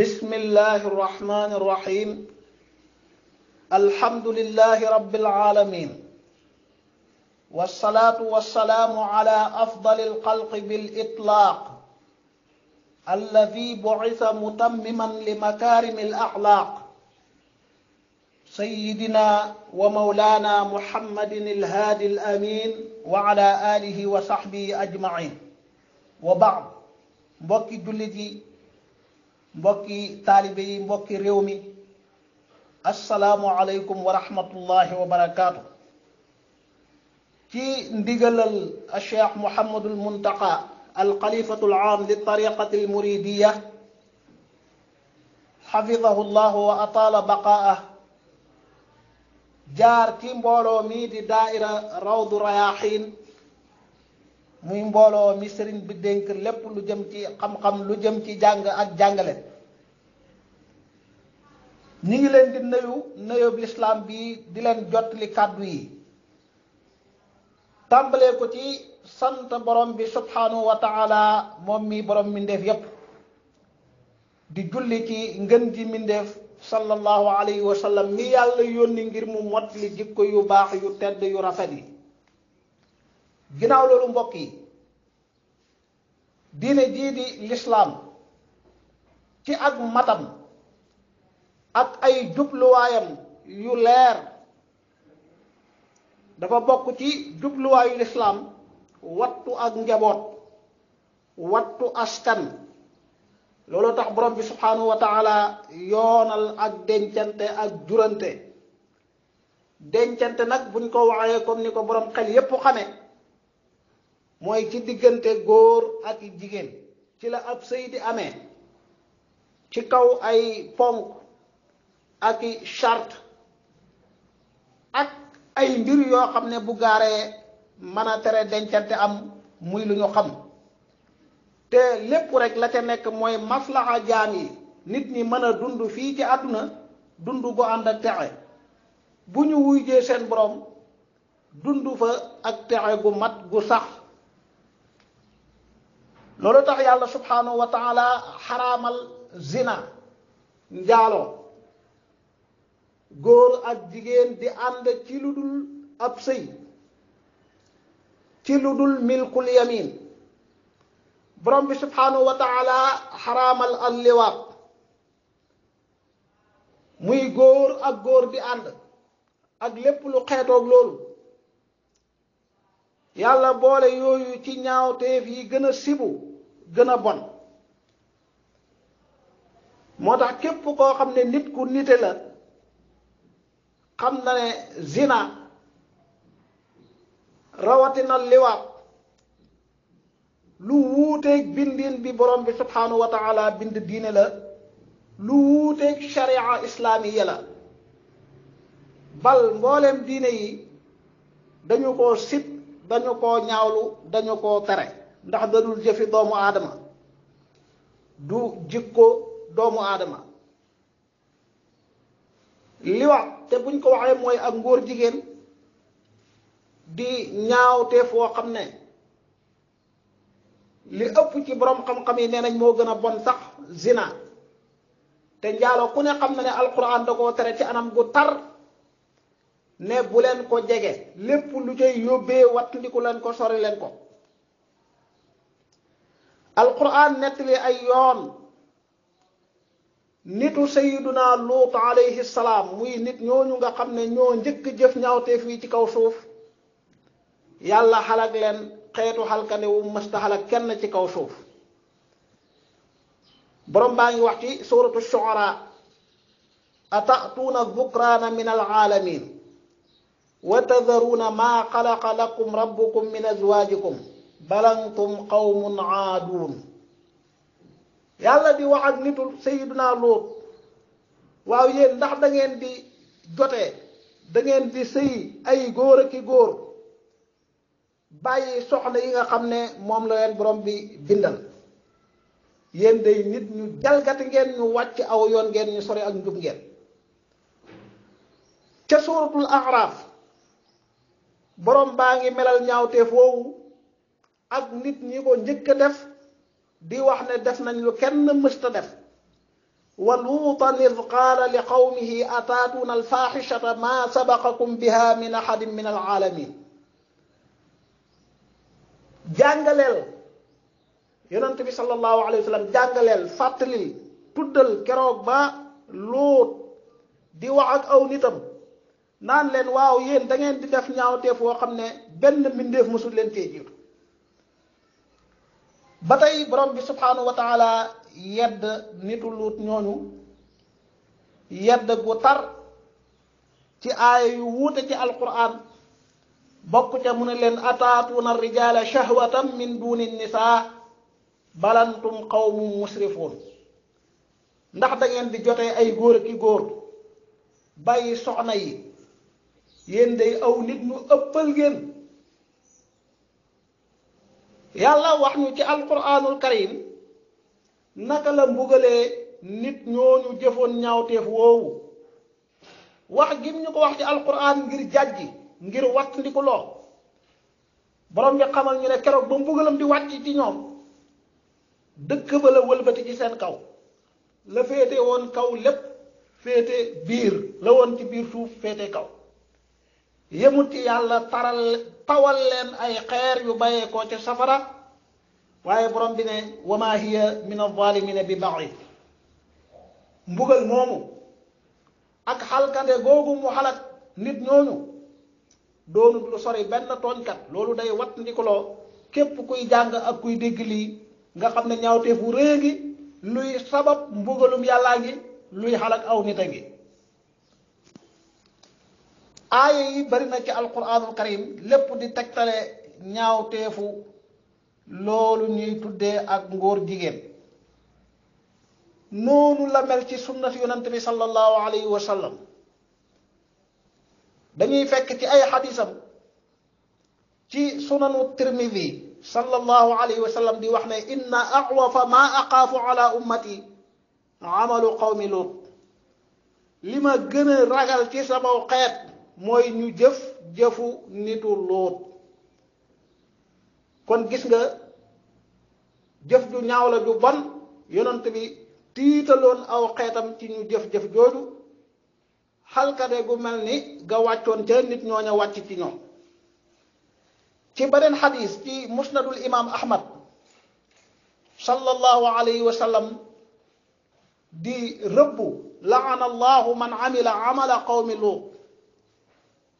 بسم الله الرحمن الرحيم الحمد لله رب العالمين والصلاة والسلام على أفضل الخلق بالإطلاق الذي بعث متمما لمكارم الأخلاق سيدنا ومولانا محمد الهادي الأمين وعلى آله وصحبه أجمعين وبعد mbokki jullit yi mbokki taalibe yi mbokki réew mi asalaamualeykum wa rahmatullahi wa barakaatu ci ndigalal cheikh muhammadul muntaqa al xalifatul aam li tariqati al muridiya xafidahu llahu wa ataala baqaa'ah jaar ci mbooloo mi di daaira rawdu rayaaxiin muy mbooloo mi sëriñ bi dénk lépp lu jëm ci xam-xam lu jëm ci jàng ak jàngale ñu ngi leen di nuyu nuyoob lislaam bi di leen jottali kàddu yi tàmbalee ko ci sant borom bi subhaanahu wa taala moom mi borom mbindeef yépp di julli ci ngën ji mbindeef sallallahu alayhi wa sallam mi yàlla yónni ngir mu mot li yu baax yu tedd yu rafet yi ginnaaw loolu mbokk yi diine jii di lislaam ci ak matam ak ay jubluwaayam yu leer dafa bokk ci jubluwaayu lislaam wattu ak njaboot wattu askan looloo tax borom bi subhanahu wa taala yoonal ak dencante ak jurante dencante nag buñ ko waxee comme ni ko boroom xel yépp xame mooy ci diggante góor ak jigéen ci la ab sëy di amee ci kaw ay ponk ak i charte ak ay mbir yoo xam ne bu gaaree mën a tere dencante am muy lu ñu xam te lépp rek la ca nekk mooy maslaxa jaam yi nit ñi mën a dund fii ci àdduna dund gu ànd ak texe bu ñu wuyjee seen boroom dund fa ak texe gu mat gu sax loolu tax yàlla subhanahu wa taala xaraamal zina njaaloo góor ak jigéen di ànd ci lu dul ab sëy ci lu dul milkul yamin borom bi subhanahu wa xaramal xaraamal muy góor ak góor di ànd ak lépp lu xeetoog loolu yàlla boole yooyu ci ñaawteef yi gën a sibu gën a bon moo tax képp koo xam ne nit ku nite la xam na ne zina rawatina liwaat lu wuuteeg bindin bi borom bi subhaanahu wa bind diine la lu wuuteeg sharia islaamiya la bal mbooleem diine yi dañu koo sib dañu koo ñaawlu dañu koo tere ndax dadul jëfi doomu aadama du jikko doomu aadama li wax te buñ ko waxee mooy ak ngóor jigéen di ñaawte foo xam ne li ëpp ci boroom xam-xam yi nee nañ moo gën a bon sax zina te njaaloo ku ne xam na ne alquran da koo tere ci anam gu tar ne bu leen ko jege lépp lu cay yóbbee wattandiku leen ko sori leen ko alquran nettali ay yoon nitu sayiduna luut alayhi salaam muy nit ñooñu nga xam ne ñoo njëkk jëf ñaawteef yi ci kaw suuf yàlla xalak leen xeetu xalkane wu mësta xalak kenn ci kaw suuf borom baa ngi wax ci suratu shuara atatuuna dhukraana min alaalamin wa tadharuuna maa xalaqa lakum rabbukum min azwaajikum balantum qawmun aaduun yàlla di wax ak nitul sayiduna lóot waaw yéen ndax dangeen ngeen di jotee da ngeen di sëyi ay góor ak i góor bàyyi soxna yi nga xam ne moom la leen borom bi bindal yéen day nit ñu jalgati ngeen ñu wàcc aw yoon ngeen ñu sori ak njub ngeen ca suuratul Araaf borom baa ngi melal ñaawteef woowu ak nit ñi ko njëkk a def di wax ne def nañu kenn mësta def wa luutan id qaala li qawmihi ataatuna alfaxishata ma sabaqakum biha min ahadin min alaalamin jàngaleel yonent bi sallallahu alayhi wa sallam jàngaleel fàttalil tuddal keroog ba luut di wax ak aw nitam naan leen waaw yéen dangeen di def ñaawteef woo xam ne benn mbindeef mësul leen cee ba tey borom bi subhaanahu wa taala yedd nitu luut ñooñu yedd gu tar ci aaya yu wuute ci alquran bokk ca mu ne leen ataatuuna rijaala shahwatan min duni nisaa balantum qawmu musrifuun ndax da ngeen di jotee ay góor ki góor bàyyi soxna yi yéen day aw nit ñu ëppal ngeen yàlla wax ñu ci alquranul karim naka la mbugalee nit ñooñu jëfoon ñaawteef woowu wax gim ñu ko wax ci alquran ngir jàjji ngir watt ndiku loo borom bi xamal ñu ne keroog ba mbugalam di wàcc ci ñoom dëkk ba la wëlbati ci seen kaw la féete woon kaw lépp féete biir la woon ci biir suuf féete kaw yemut ci yàlla taral tawal leen ay xeer yu bàyyee ko ca safara waaye borom bi ne wa maa hiya min bi baid mbugal moomu ak xalkande googu mu xalak nit ñooñu doonut lu sori benn tooñkat loolu day wat ndikuloo képp kuy jàng ak kuy dégg lii nga xam ne ñaawteefu réegi luy sabab mbugalum yàllaa ngi luy xalak aw nit a ngi aaya yi bari na ci alquranul karim lépp di tegtale ñaawteefu loolu ñuy tuddee ak ngóor jigéen noonu la mel ci sunnat yonante bi alayhi wa dañuy fekk ci ay xadisam ci sunanu tirmidi sallallahu alayhi wa di wax ne inna axwafa ma axaafu ala ummati amalu qawmi lut li ma ragal ci sama xeet mooy ñu jëf jëfu nitu lóot kon gis nga jëf ju ñaaw la ju bon yonent bi tiitaloon aw xeetam ci ñu jëf-jëf jooju xalkade gu mel ni ga wàccoon ca nit ñooña wàcc ci ñoom ci beneen xadis ci musnadul imam ahmad sallallahu alayhi wa di rëbbu laana allahu man amila amala qawmi luut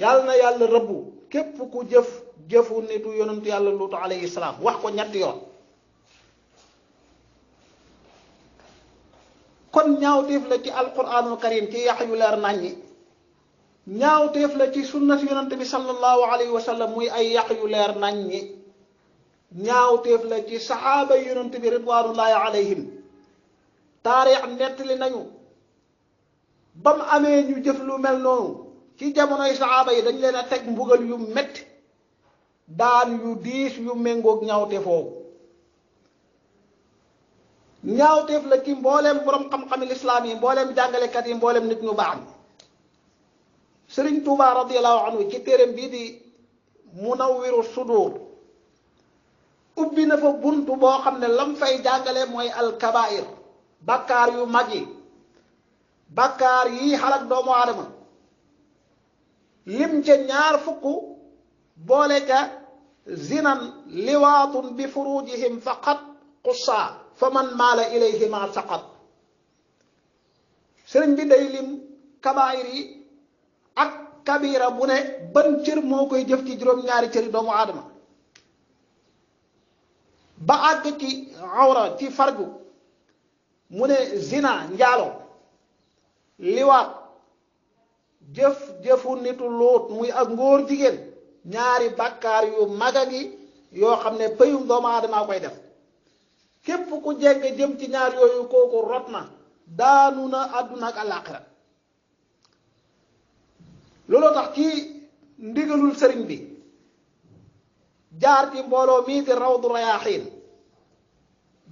yàlla na yàlla rëbbu képp ku jëf jëfu nitu yonent yàlla luutu alayhi salaam wax ko ñetti yoon kon ñaawteef la ci alquranul karim ci yàq yu leer nañ ñi ñaawteef la ci sunnat yonante bi sallallahu alayhi wa muy ay yàq yu leer nañ ñi ñaawteef la ci saxaaba yonante bi ridwanullahi alayhim taarix nettali nañu ba amee ñu jëf lu mel noonu ci jamonoy saxaaba yi dañ leen a teg mbugal yu metti daan yu diis yu méngoog ñaawte foofu ñaawteef la ci mbooleem borom xam-xami lislaam yi mbooleem jàngalekat yi mbooleem nit ñu baax ñi sëriñ tuuba radiallahu anhu ci téereem bii di munawwiru sudur ubbi na fa bunt boo xam ne lam fay jàngale mooy alkabair bakkaar yu mag yi bakkaar yi xalak doomu aadama lim ca ñaar fukk boole ca zinan bi furujihim faqat qussa fa man maala ilayhima saqat sëriñ bi day lim kabaayir yi ak kabira bu ne ban cër moo koy jëf ci juróom-ñaari cëri doomu aadama ba àgg ci awra ci fargu mu ne zina njaalo liwaat jëf jëfu nitu lóot muy ak ngóor jigéen ñaari bàkkaar yu mag ngi yoo xam ne pëyum doomu aadamaa koy def képp ku jegg jëm ci ñaar yooyu kooku rot na daanu na àdduna ak àllaaxira looloo tax ci ndigalul sëriñ bi jaar ci mbooloo mii di rawdu rayaaxiin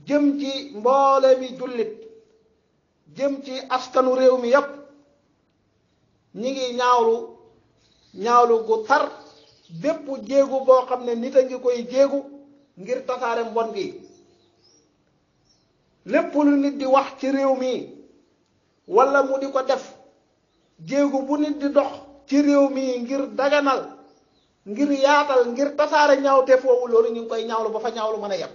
jëm ci mboole mi jullit jëm ci askanu réew mi yépp ñi ngi ñaawlu ñaawlu gu tar bépp jéegu boo xam ne nit a ngi koy jéegu ngir tasaare mbon bi lépp lu nit di wax ci réew mi walla mu di ko def jéegu bu nit di dox ci réew mi ngir daganal ngir yaatal ngir tasaare ñaawte foofu loolu ñu ngi koy ñaawlu ba fa ñaawlu mën a yem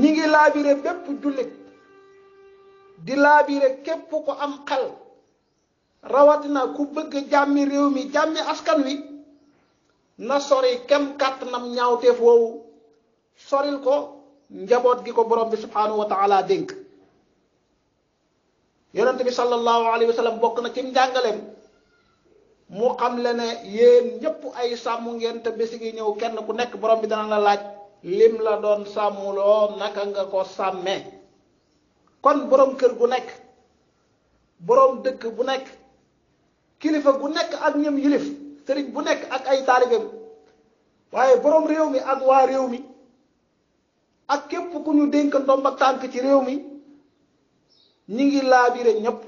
ñi ngi laabire bépp jullit di laabire képp ko am xel rawatina ku bëgg jàmmi réew mi jàmmi askan wi na sori kem kàttanam ñaawteef woowu soril ko njaboot gi ko borom bi subhanahu wa dénk yonent bi sallallahu alayhi wa bokk na ci njàngaleem mu xam le ne yéen ñëpp ay sàmm ngeen te bési ngi ñëw kenn ku nekk boroom bi dana la laaj lim la doon sàmmuloo naka nga ko sàmmee kon borom kër bu nekk borom dëkk bu nekk kilifa gu nekk ak ñëm yilif sëriñ bu nekk ak ay taalibeem waaye borom réew mi ak waa réew mi ak képp ku ñu dénk ndomb tànk ci réew mi ñi ngi laabire ñépp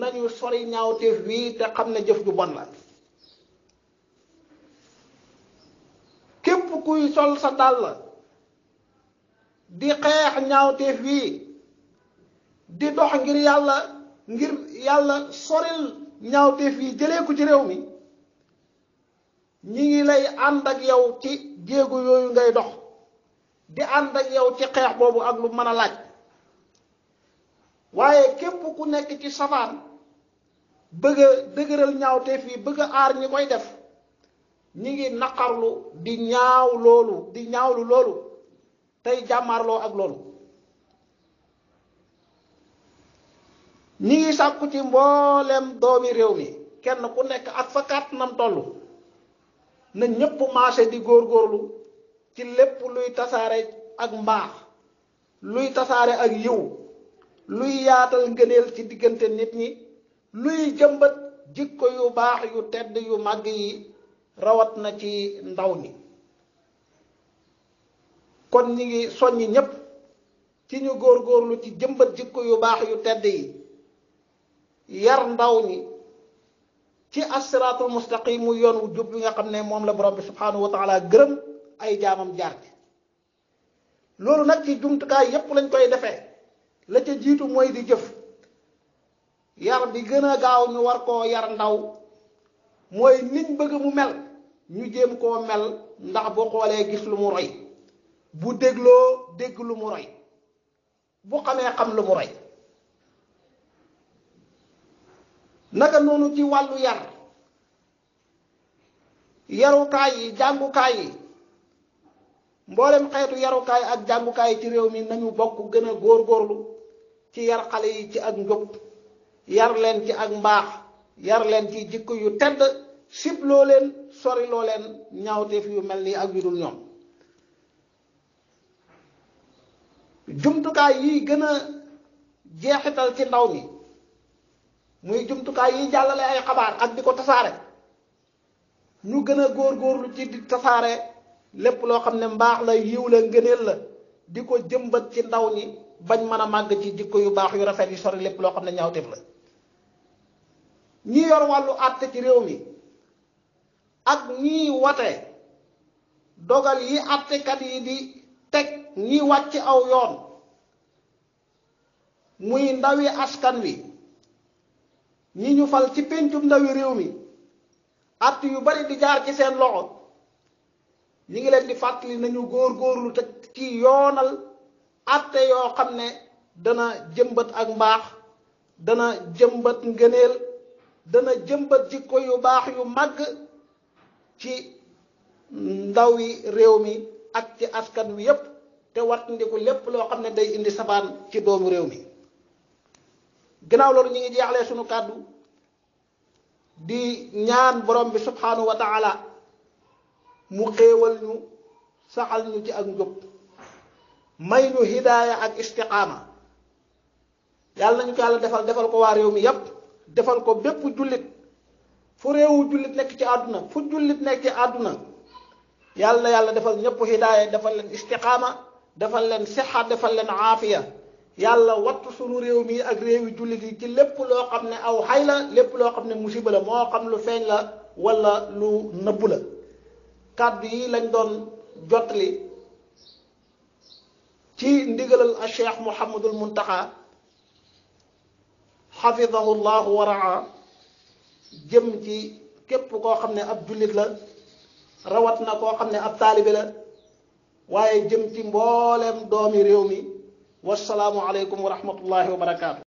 nañu sori ñaawteef wii te xam ne jëf ju bon la képp kuy sol sa dàll di xeex ñaawteef wii di dox ngir yàlla ngir yàlla soril ñaawteef yi jëlee ko ci réew mi ñi ngi lay ànd ak yow ci jéego yooyu ngay dox di ànd ak yow ci xeex boobu ak lu mën a laaj waaye képp ku nekk ci safaan bëgg dëgëral ñaawteef yi bëgg a aar ñi koy def ñi ngi naqarlu di ñaaw loolu di ñaawlu loolu tey jàmmaarloo ak loolu ñi ngi sàkku ci mbooleem doomi réew mi kenn ku nekk ak fa kàttanam tollu na ñépp maase di góor góorlu ci lépp luy tasaare ak mbaax luy tasaare ak yiw luy yaatal ngëneel ci diggante nit ñi luy jëmbat jikko yu baax yu tedd yu màgg yi rawat na ci ndaw ñi kon ñi ngi soññ ñépp ci ñu góorgóorlu ci jëmbat jikko yu baax yu tedd yi yar ndaw ñi ci asiraatul mustaqim mu yoon wu jub bi nga xam ne moom la borom bi subhanahu wa gërëm ay jaamam jaar ci loolu nag ci jumtukaay yépp lañ koy defee la ca jiitu mooy di jëf yar bi gën a gaaw ñu war koo yar ndaw mooy niñ bëgg mu mel ñu jéem koo mel ndax bu xoolee gis lu mu roy bu dégloo dégg lu mu roy bu xamee xam lu mu roy naka noonu ci wàllu yar yarukaay yi jàngukaay yi mboolem xeetu yarukaay ak jàngukaay ci réew mi nañu bokk gën a góorlu ci yar xale yi ci ak njub yar leen ci ak mbaax yar leen ci jikko yu tedd sibloo leen soriloo loo leen ñaawteef yu mel nii ak yu ñoom jumtukaay yi gën a jeexital ci ndaw mi muy jumtukaay yi jàllale ay xabaar ak di ko tasaare ñu gën a góorgóorlu ci di tasaare lépp loo xam ne mbaax la yiw la ngëneel la di ko jëmbat ci ndaw ñi bañ mën a màgg ci jikko yu baax yu rafet yi sori lépp loo xam ne ñaawteef la ñi yor wàllu àtte ci réew mi ak ñiy wate dogal yi àttekat yi di teg ñi ci aw yoon muy ndawi askan wi ñi ñu fal ci péncum ndawi réew mi at yu bari di jaar ci seen loxo ñi ngi leen di fàttali nañu góor góorlu te ci yoonal atte yoo xam ne dana jëmbat ak mbaax dana jëmbat ngëneel dana jëmbat jikko yu baax yu màgg ci ndawi réew mi ak ci askan wi yépp te wattandiku lépp loo xam ne day indi sabaan ci doomu réew mi gannaaw loolu ñu ngi jeexalee sunu kàddu di ñaan borom bi subhanahu wa mu xéewal ñu saxal ñu ci ak njub may ñu hidaaya ak istiqaama yàlla nañu ko yàlla defal defal ko waa réew mi yépp defal ko bépp jullit fu réewu jullit nekk ci àdduna fu jullit nekk ci àdduna yàlla yàlla defal ñépp hidaaya defal leen istiqaama defal leen sixa defal leen aafiya yàlla wattu sunu réew mi ak réewi jullit yi ci lépp loo xam ne aw xay la lépp loo xam ne musiba la moo xam lu feeñ la wala lu nëbb la kàddu yi lañ doon jotli ci ndigalal a cheikh Mouhamadul Muntaxa xafidahu llahu wa raa jëm ci képp koo xam ne ab jullit la rawat na koo xam ne ab taalibe la waaye jëm ci mboolem doomi réew mi wasalaamu aleykum wa rahmatullahi wa barakaatu.